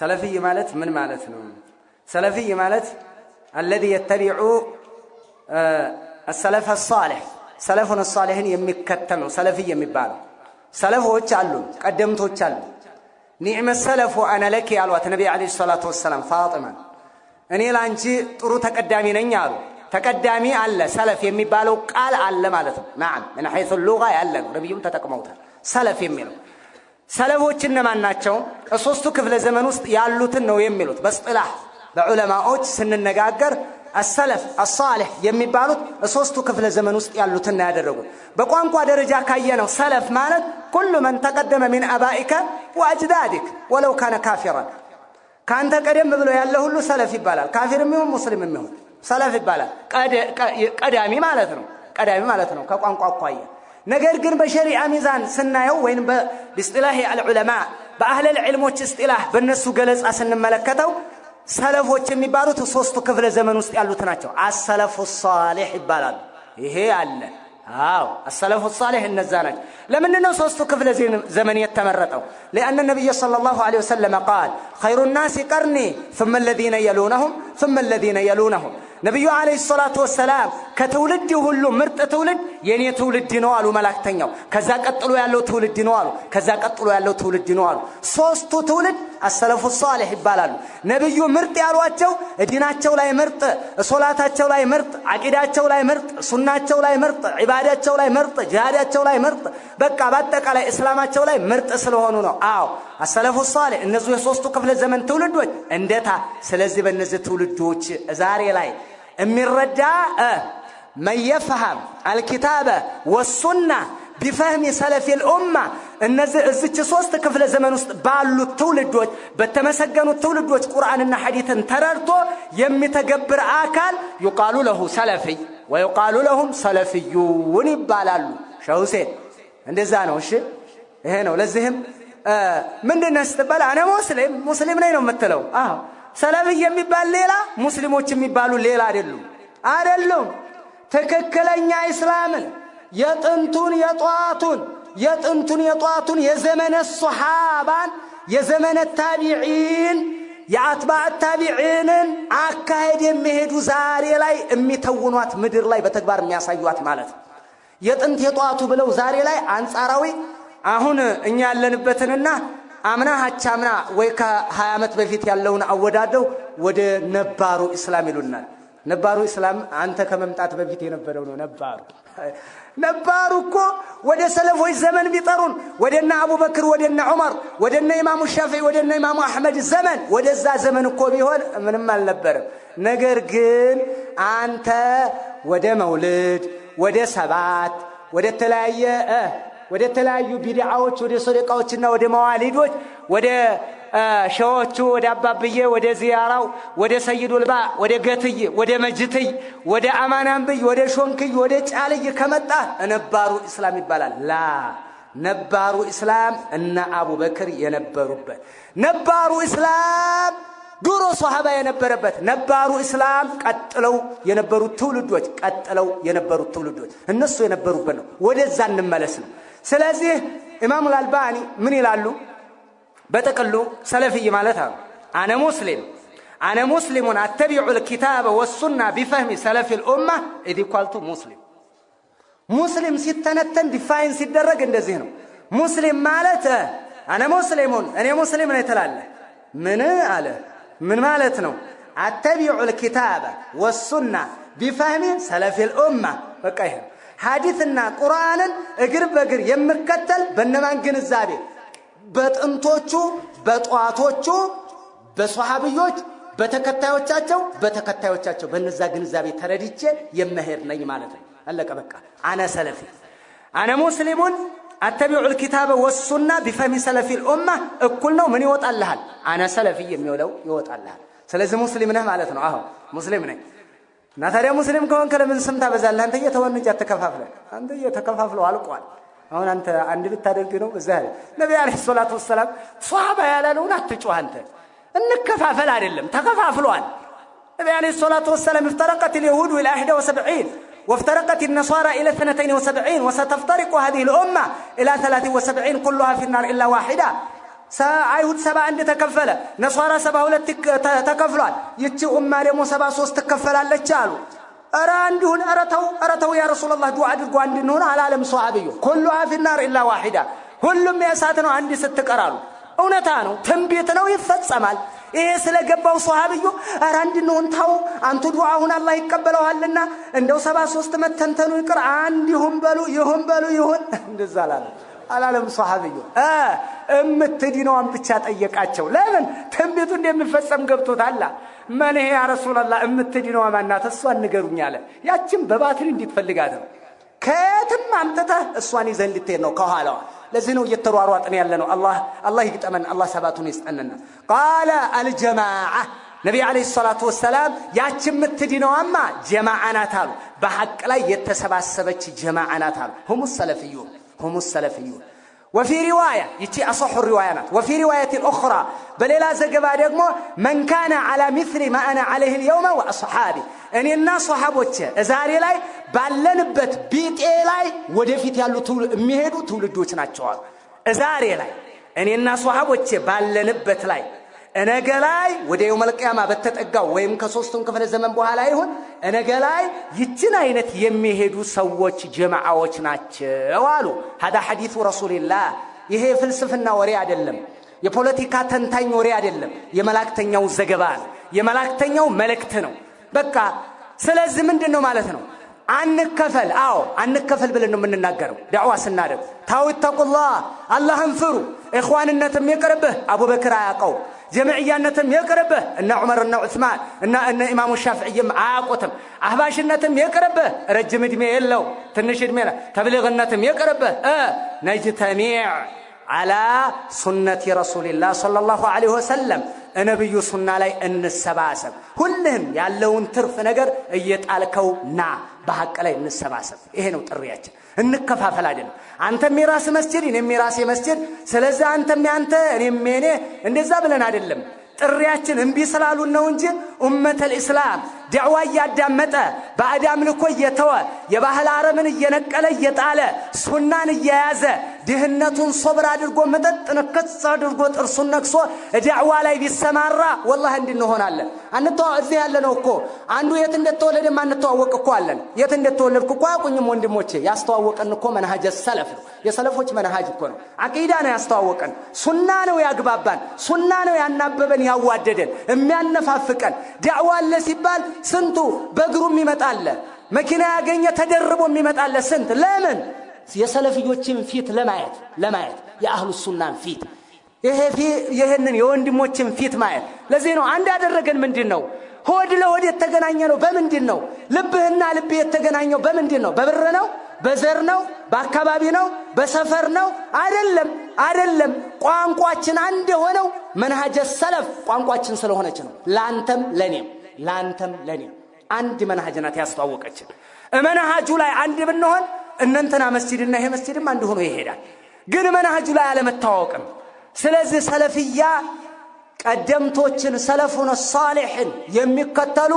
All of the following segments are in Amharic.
سلفي مالت من مالت نوم سلفي مالت الذي يتبع آه، السلف الصالح سلف الصالحين يمكتن سلفي يمبال سلف هو تعلم قدمت هو تعلم نعم السلف وأنا لك على النبي عليه الصلاة والسلام فاطمة أني لانجي طرو تقدامي نيارو تقدامي على سلف بالو قال على مالت نعم من حيث اللغة ربي نبيهم تتكموتها سلف يمبالو ሰለፎች እነማን ናቸው? ከሶስቱ ክፍለ ዘመን ውስጥ ያሉትን ነው የሚሉት። በስጥላህ በዑለማዎች ስንነጋገር አሰለፍ አሳሌሕ የሚባሉት ሶስቱ ክፍለ ዘመን ውስጥ ያሉትን ያደረጉት። በቋንቋ ደረጃ ካየነው ሰለፍ ማለት ኩሉ መን ተቀደመ ሚን አባኢከ ወአጅዳዲክ ወለው ካነ ካፊራን፣ ከአንተ ቀደም ብሎ ያለ ሁሉ ሰለፍ ይባላል። ካፊር የሚሆን ሙስሊም የሚሆን ሰለፍ ይባላል። ቀዳሚ ማለት ነው። ቀዳሚ ማለት ነው ከቋንቋ አኳያ ነገር ግን በሸሪዓ ሚዛን ስናየው ወይም በስጢላህ አልዑለማ በአህለል ዕልሞች ስጢላህ በእነሱ ገለጻ ስንመለከተው ሰለፎች የሚባሉት ሶስቱ ክፍለ ዘመን ውስጥ ያሉት ናቸው። አሰለፉ ሳሌሕ ይባላሉ። ይሄ አለ። አዎ አሰለፉ ሳሌሕ እነዛ ናቸው። ለምንድን ነው ሶስቱ ክፍለ ዘመን የተመረጠው? ሊአነ ነቢይ ሰለላሁ ዐለይሂ ወሰለም ቃል ኸይሩ ናሲ ቀርኒ ሱመ ለዚነ የሉነሁም ሱመ ለዚነ የሉነሁም ነቢዩ ዐለይሂ ሰላቱ ወሰላም ከትውልድ ሁሉ ምርጥ ትውልድ የኔ ትውልድ ነው አሉ መላእክተኛው። ከዛ ቀጥሎ ያለው ትውልድ ነው አሉ። ከዛ ቀጥሎ ያለው ትውልድ ነው አሉ። ሶስቱ ትውልድ አሰለፉ ሷሊህ ይባላሉ። ነብዩ ምርጥ ያሏቸው እዲናቸው ላይ ምርጥ፣ ሶላታቸው ላይ ምርጥ፣ አቂዳቸው ላይ ምርጥ፣ ሱናቸው ላይ ምርጥ፣ ዒባዳቸው ላይ ምርጥ፣ ጂሃዳቸው ላይ ምርጥ፣ በቃ በአጠቃላይ እስላማቸው ላይ ምርጥ ስለሆኑ ነው። አዎ አሰለፉ ሷሊህ እነዚህ የሶስቱ ክፍለ ዘመን ትውልዶች እንደታ። ስለዚህ በእነዚህ ትውልዶች ዛሬ ላይ የሚረዳ መን አልኪታበ ወሱና ቢፈህሚ ሰለፊ ልኡማ እነዚህ እዚች ሶስት ክፍለ ዘመን ውስጥ ባሉት ትውልዶች በተመሰገኑት ትውልዶች ቁርአንና ሐዲትን ተረድቶ የሚተገብር አካል ዩቃሉ ለሁ ሰለፊይ ወዩቃሉ ለሁም ሰለፊዩን ይባላሉ። ሸህ ሁሴን እንደዛ ነው። እሺ ይሄ ነው። ለዚህም ምንድን ነህ አነ ሙስሊም ሙስሊም ነኝ ነው የምትለው። ሰለፊይ የሚባል ሌላ ሙስሊሞች የሚባሉ ሌላ አይደሉም አይደሉም። ትክክለኛ ኢስላምን የጥንቱን የጧቱን የጥንቱን የጧቱን የዘመነ ሶሓባን የዘመነ ታቢዒን የአትባዕ ታቢዒንን አካሄድ የሚሄዱ ዛሬ ላይ የሚተውኗት ምድር ላይ በተግባር የሚያሳዩት ማለት ነው። የጥንት የጧቱ ብለው ዛሬ ላይ አንጻራዊ አሁን እኛ ያለንበትንና አምና ሀቻምና ወይ ከሀያ ዓመት በፊት ያለውን አወዳደው ወደ ነባሩ ኢስላም ይሉናል። ነባሩ እስላም አንተ ከመምጣት በፊት የነበረው ነው። ነባሩ ነባሩ እኮ ወደ ሰለፎች ዘመን ቢጠሩን ወደነ አቡበክር ወደና ዑመር ወደና ኢማሙ ሻፊዒ ወደና ኢማሙ አሕመድ ዘመን ወደዛ ዘመን እኮ ቢሆን ምንም አልነበረም። ነገር ግን አንተ ወደ መውልድ ወደ ሰባት ወደ ተለያየ ወደ ተለያዩ ቢድዓዎች ወደ ሶደቃዎችና ወደ መዋሊዶች ወደ ሸዎቹ ወደ አባብዬ ወደ ዚያራው ወደ ሰይዱልባ ወደ ገትይ ወደ መጅትይ ወደ አማናንብይ ወደ ሾንክይ ወደ ጫልይ ከመጣ ነባሩ እስላም ይባላል። ላ ነባሩ እስላም እና አቡበክር የነበሩበት ነባሩ እስላም ድሮ ሶሃባ የነበረበት ነባሩ እስላም ቀጥለው የነበሩት ትውልዶች ቀጥለው የነበሩት ትውልዶች እነሱ የነበሩበት ነው። ወደዛ እንመለስ ነው። ስለዚህ ኢማሙል አልባኒ ምን ይላሉ? በጥቅሉ ሰለፍይ ማለት አሉ። አነ ሙስሊም አነ ሙስሊሙን አተቢዑ ልኪታበ ወሱና ቢፈህሚ ሰለፊ ልኡማ ኢዲኳልቱ ሙስሊም። ሙስሊም ሲተነተን ዲፋይን ሲደረግ እንደዚህ ነው። ሙስሊም ማለት አነ ሙስሊሙን እኔ ሙስሊም ነው ትላለህ። ምን አለ ምን ማለት ነው? አተቢዑ ልኪታበ ወሱና ቢፈህሚ ሰለፊ ልኡማ። በቃ ይሄ ሐዲትና ቁርአንን እግር በእግር የምከተል በነማን ግንዛቤ በጥንቶቹ በጠዋቶቹ በሶሃብዮች በተከታዮቻቸው በተከታዮቻቸው በነዛ ግንዛቤ ተረድቼ የመሄድ ነኝ ማለት ነው። አለቀ በቃ። አነ ሰለፊ አነ ሙስሊሙን አተቢዑ ልኪታበ ወሱና ቢፈሚ ሰለፊ ልኡማ እኩል ነው። ምን ይወጣልሃል? አነ ሰለፊ የሚውለው ይወጣልሃል። ስለዚህ ሙስሊም ነህ ማለት ነው። አሁ ሙስሊም ነኝ እና ታዲያ ሙስሊም ከሆንክ ለምን ስም ታበዛለህ? አንተ እየተወንጅ ተከፋፍለ? አንተ እየተከፋፍለው አልቋል። አሁን አንተ አንድ ልታደርግ ነው። እዛ ነቢ አለይሂ ሰላቱ ወሰላም ሷሃባ ያላለውን አትጮህ አንተ። እንከፋፈል አይደለም ተከፋፍሏል። ነቢ አለይሂ ሰላቱ ወሰላም እፍተረቀት ልየሁድ ኢላ ኢሕዳ ወሰብዒን وافترقت النصارى إلى 72 وستفترق هذه الأمة إلى 73 كلها في النار إلا واحدة አይሁድ ሰባ አንድ ተከፈለ፣ ነሷራ ሰባ ሁለት ተከፍሏል። ይቺ ኡማ ደግሞ ሰባ ሶስት ትከፈላለች አሉ። ኧረ አንዱን ኧረ ተው ኧረ ተው ያ ረሱላላህ ዱዓ አድርጎ አንድ አላለም። ሰሃቢዩ ኩሉ ፊናር ኢላ ዋሂዳ ሁሉም የእሳት ነው አንድ ስትቀራሉ። እውነታ ነው፣ ትንቢት ነው፣ ይፈጸማል። ይሄ ስለገባው ሰሃቢዩ ኧረ አንድ እንሆን አንቱ ዱዓሁን አላህ ይቀበለዋልና እንደው ሰባ ሶስት መተንተኑ ይቅር አንድ ይሁን በሉ ይሁን በሉ ይሁን እንደዛ አላለም አላለም ሰሃቢዩ እ ብቻ ጠየቃቸው። ለምን ትንቢቱ እንደሚፈጸም ገብቶታል። መልሄ ያ ረሱላላ እምትድነዋ ማናት? እሷን ንገሩኝ አለ። ያችን በባትሪ እንዲትፈልጋት ነው። ከየትም አምጥተህ እሷን ይዘህ እንድትሄድ ነው ከኋላዋ። ለዚህ ነው እየተሯሯጥን ያለ ነው። አላህ አላህ ይግጠመን። አላህ ሰባቱን ይስጠንና ቃለ አልጀማዓ ነቢ ዓለይሂ ሰላቱ ወሰላም ያች የምትድነዋማ ጀማዓ ናት አሉ። በሐቅ ላይ የተሰባሰበች ጀማዓ ናት አሉ። ሁሙ ሰለፍዩን ሁሙ ሰለፍዩን ወፊ ሪዋያ ይቺ አሶሑ ሪዋያ ናት። ወፊ ሪዋየትን ኡኽራ በሌላ ዘገባ ደግሞ መንካነ ዓላ ሚስሊ ማአና ዓለይህ ልየውመ ወአስሓቢ እኔና ሰሓቦቼ ዛሬ ላይ ባለንበት ቢጤ ላይ ወደፊት ያሉ የሚሄዱ ትውልዶች ናቸዋል። ዛሬ ላይ እኔና ሰሓቦቼ ባለንበት ላይ እነገ ላይ ወደ የውመልቅያማ በተጠጋው ወይም ከሶስቱን ክፍለ ዘመን በኋላ ይሁን እነገ ላይ ይችን አይነት የሚሄዱ ሰዎች ጀማዓዎች ናቸው አሉ። ሀዳ ሐዲቱ ረሱልላህ። ይሄ የፍልስፍና ወሬ አይደለም፣ የፖለቲካ ተንታኝ ወሬ አይደለም። የመላእክተኛው ዘገባ ነው፣ የመላእክተኛው መልእክት ነው። በቃ ስለዚህ ምንድን ነው ማለት ነው? አንከፈል። አዎ አንከፈል ብለን ነው የምንናገረው ዳዕዋ ስናደርግ። ታው ተቁላ አላህን ፍሩ። እኽዋንነትም የቅርብህ አቡበክር አያውቀው جمعيانتم يقربه ان عمر ان عثمان ان ان امام الشافعي عاقوتم احباشنتم يقربه رجم دمي يلو تنش دمينا تبلغنتم يقربه اه نجتميع አላ ሱነቲ ረሱልላህ ሰለላሁ ዐለይሂ ወሰለም እነብዩ ሱና ላይ እንሰባሰብ። ሁልህም ያለውን ትርፍ ነገር እየጣልከው ና በሐቅ ላይ እንሰባሰብ። ይሄ ነው ጥሪያችን። እንከፋፈል አይደለም። አንተም የራስህ መስጂድ፣ እኔም የራሴ መስጂድ፣ ስለዚህ አንተም ያንተ እኔም የኔ እንደዛ ብለን አይደለም። ጥሪያችን እምቢ ስላሉን ነው እንጂ ኡመተል ኢስላም ዳዕዋ እያዳመጠ ባዕድ አምልኮ እየተወ የባህል አረምን እየነቀለ እየጣለ ሱናን እየያዘ ድህነቱን ሶብር አድርጎ መጠጥ ንክጽ አድርጎ ጥርሱን ነክሶ ዳዕዋ ላይ ቢሰማራ ወላሂ እንድንሆናለን። አንተዋ እዚህ ያለ ነው እኮ አንዱ የት እንደተወለደ ማንተዋወቅ እኮ አለን። የት እንደተወለድኩ እኮ አያውቁኝም ወንድሞቼ። ያስተዋወቀን እኮ መንሃጀ ሰለፍ ነው፣ የሰለፎች መንሃጅ እኮ ነው። አቂዳ ነው ያስተዋወቀን፣ ሱና ነው ያግባባን፣ ሱና ነው ያናበበን፣ ያዋደደን፣ የሚያነፋፍቀን ዳዕዋ አለ ሲባል ስንቱ በእግሩ የሚመጣለ መኪና ያገኘ ተደርቦ የሚመጣለ ስንት ለምን የሰለፍዮችን ፊት ለማየት ለማየት የአህሉ ሱናን ፊት ይህንን የወንድሞችን ፊት ማየት ለዚህ ነው አንድ ያደረገን ምንድን ነው ሆድ ለሆድ የተገናኘ ነው በምንድን ነው ልብህና ልብ የተገናኘው በምንድን ነው በብር ነው በዘር ነው በአካባቢ ነው በሰፈር ነው አይደለም አይደለም ቋንቋችን አንድ የሆነው መንሃጀ ሰለፍ ቋንቋችን ስለሆነች ነው ለአንተም ለእኔም ለአንተም ለእኔ አንድ መናሃጅ ናት ያስተዋወቀችን። መናሃጁ ላይ አንድ ብንሆን እነንተና መስጂድና ይሄ መስጂድም አንድ ሆኖ ይሄዳል። ግን መናሃጁ ላይ አለመታዋወቅም። ስለዚህ ሰለፍያ ቀደምቶችን ሰለፉን ሳሌሕን የሚከተሉ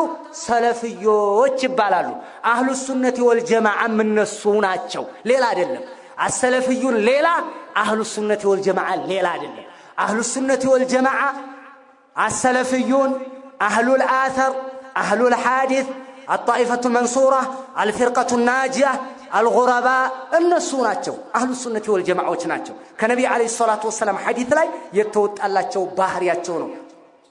ሰለፍዮች ይባላሉ። አህሉ ሱነቲ ወልጀማዓ የምነሱ ናቸው፣ ሌላ አይደለም። አሰለፍዩን ሌላ፣ አህሉ ሱነቲ ወልጀማዓ ሌላ አይደለም። አህሉ ሱነቲ ወልጀማዓ አሰለፍዩን አህሉል الآثر አህሉል الحادث الطائفة المنصورة አልፊርቀቱ ናጂያ፣ አልጎረባ እነሱ ናቸው። አህሉ ሱነት ወል ናቸው። ከነቢ ዓለይሂ ሰላቱ ወሰላም ሐዲት ላይ የተወጣላቸው ባህሪያቸው ነው።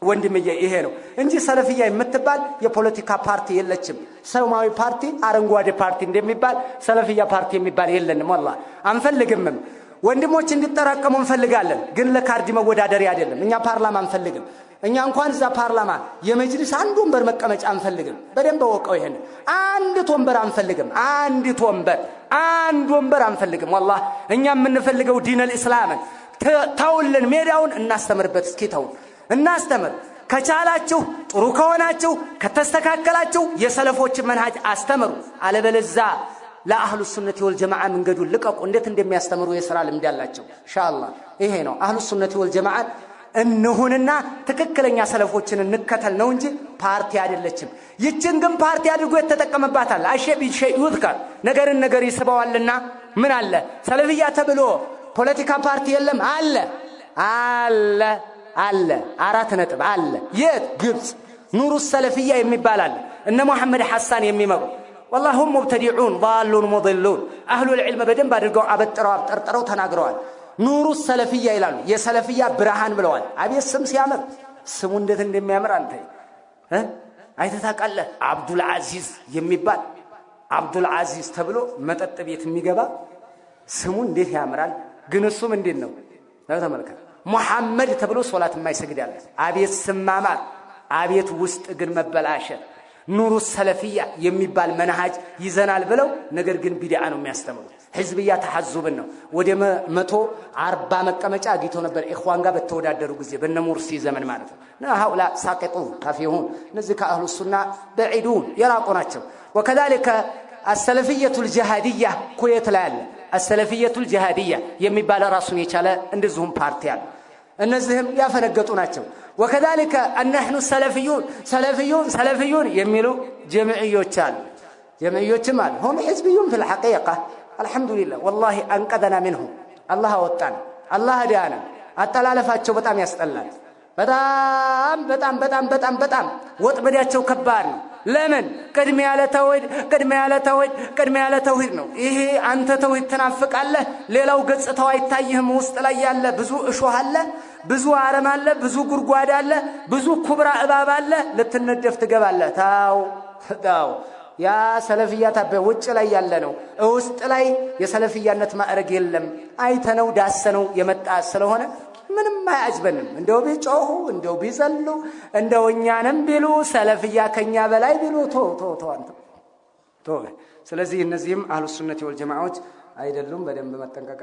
ወንድምዬ ይሄ ነው እንጂ ሰለፍያ የምትባል የፖለቲካ ፓርቲ የለችም። ሰማያዊ ፓርቲ፣ አረንጓዴ ፓርቲ እንደሚባል ሰለፍያ ፓርቲ የሚባል የለንም። ወላሂ አንፈልግምም። ወንድሞች እንዲጠራቀሙ እንፈልጋለን፣ ግን ለካርድ መወዳደሪያ አይደለም። እኛ ፓርላማ አንፈልግም። እኛ እንኳን እዛ ፓርላማ የመጅልስ አንድ ወንበር መቀመጫ አንፈልግም። በደንብ ወቀው ይሄን። አንዲት ወንበር አንፈልግም። አንዲት ወንበር አንድ ወንበር አንፈልግም። ወላሂ እኛ የምንፈልገው ዲነል ኢስላምን ተውልን፣ ሜዳውን እናስተምርበት። እስኪ ተውን እናስተምር። ከቻላችሁ ጥሩ ከሆናችሁ ከተስተካከላችሁ የሰለፎችን መንሃጅ አስተምሩ። አለበለዛ ለአህሉ ሱነት ወል ጀማዓ መንገዱን ልቀቁ። እንዴት እንደሚያስተምሩ የሥራ ልምድ ያላቸው ኢንሻአላህ። ይሄ ነው አህሉ ሱነት ወል እንሁንና ትክክለኛ ሰለፎችን እንከተል ነው እንጂ ፓርቲ አይደለችም። ይችን ግን ፓርቲ አድርጎ የተጠቀመባታል። አሸቢ ሸዩትከ ነገርን ነገር ይስበዋልና ምን አለ ሰለፍያ ተብሎ ፖለቲካ ፓርቲ የለም አለ አለ አለ አራት ነጥብ አለ። የት ግብፅ ኑሩ ሰለፍያ የሚባል አለ። እነ መሐመድ ሐሳን የሚመሩ ወላሁም ሙብተዲዑን ሉን ሙሉን አህሉ ልዕልም በደንብ አድርገው አበጥረው አብጠርጥረው ተናግረዋል። ኑሩ ሰለፍያ ይላሉ። የሰለፍያ ብርሃን ብለዋል። አቤት ስም ሲያምር! ስሙ እንዴት እንደሚያምር አንተ አይተህ ታውቃለህ? አብዱል አዚዝ የሚባል አብዱል አዚዝ ተብሎ መጠጥ ቤት የሚገባ ስሙ እንዴት ያምራል! ግን እሱም እንዴት ነው ተመልከት። ሙሐመድ ተብሎ ሶላት የማይሰግድ ያለ አቤት ስም ማማር! አቤት ውስጥ ግን መበላሸት። ኑሩ ሰለፍያ የሚባል መናሃጅ ይዘናል ብለው ነገር ግን ቢድዓ ነው የሚያስተምሩት። حزبية تحزب منه ودي ما متو عربة مكة ما تجاه جيتون بر إخوان جاب التودا دروجزي بنا مرسي زمن معرفة نا هؤلاء ساقطون كافيون نزك أهل السنة بعيدون يلا قناتهم وكذلك السلفية الجهادية كويت لال السلفية الجهادية يمي بالا راسوني تشالا اندزهم بارتيال انزهم يا فنقطوناتهم وكذلك ان نحن سلفيون سلفيون سلفيون يميلوا جمعيو تشال جمعيو تمال هم حزبيون في الحقيقه አልሐምዱሊላህ ወላሂ አንቀደና ምንሁ አላህ አወጣን፣ አላህ ዳያና። አጠላለፋቸው በጣም ያስጠላል። በጣም በጣም በጣም በጣም በጣም ወጥመዳቸው ከባድ ነው። ለምን ያለ ቅድሚያ ለተውሂድ ቅድሚያ ለተውሂድ ያለ ለተውሂድ ነው። ይሄ አንተ ተውሂድ ትናፍቃለህ፣ ሌላው ገጽታው አይታይህም። ውስጥ ላይ ያለ ብዙ እሾህ አለ፣ ብዙ አረም አለ፣ ብዙ ጉድጓድ አለ፣ ብዙ ኩብራ እባብ አለ። ልትነደፍ ትገባለህ። ታው ታው ያ ሰለፍያ ታበ ውጭ ላይ ያለ ነው። ውስጥ ላይ የሰለፍያነት ማዕረግ የለም። አይተነው ዳሰነው የመጣ ስለሆነ ምንም አያጅበንም። እንደው ቢጮሁ፣ እንደው ቢዘሉ፣ እንደው እኛንም ቢሉ ሰለፍያ ከኛ በላይ ቢሉ ቶ ቶ ቶ አንተ ስለዚህ እነዚህም አህሉ ሱነት ወልጀማዎች አይደሉም። በደንብ መጠንቀቅ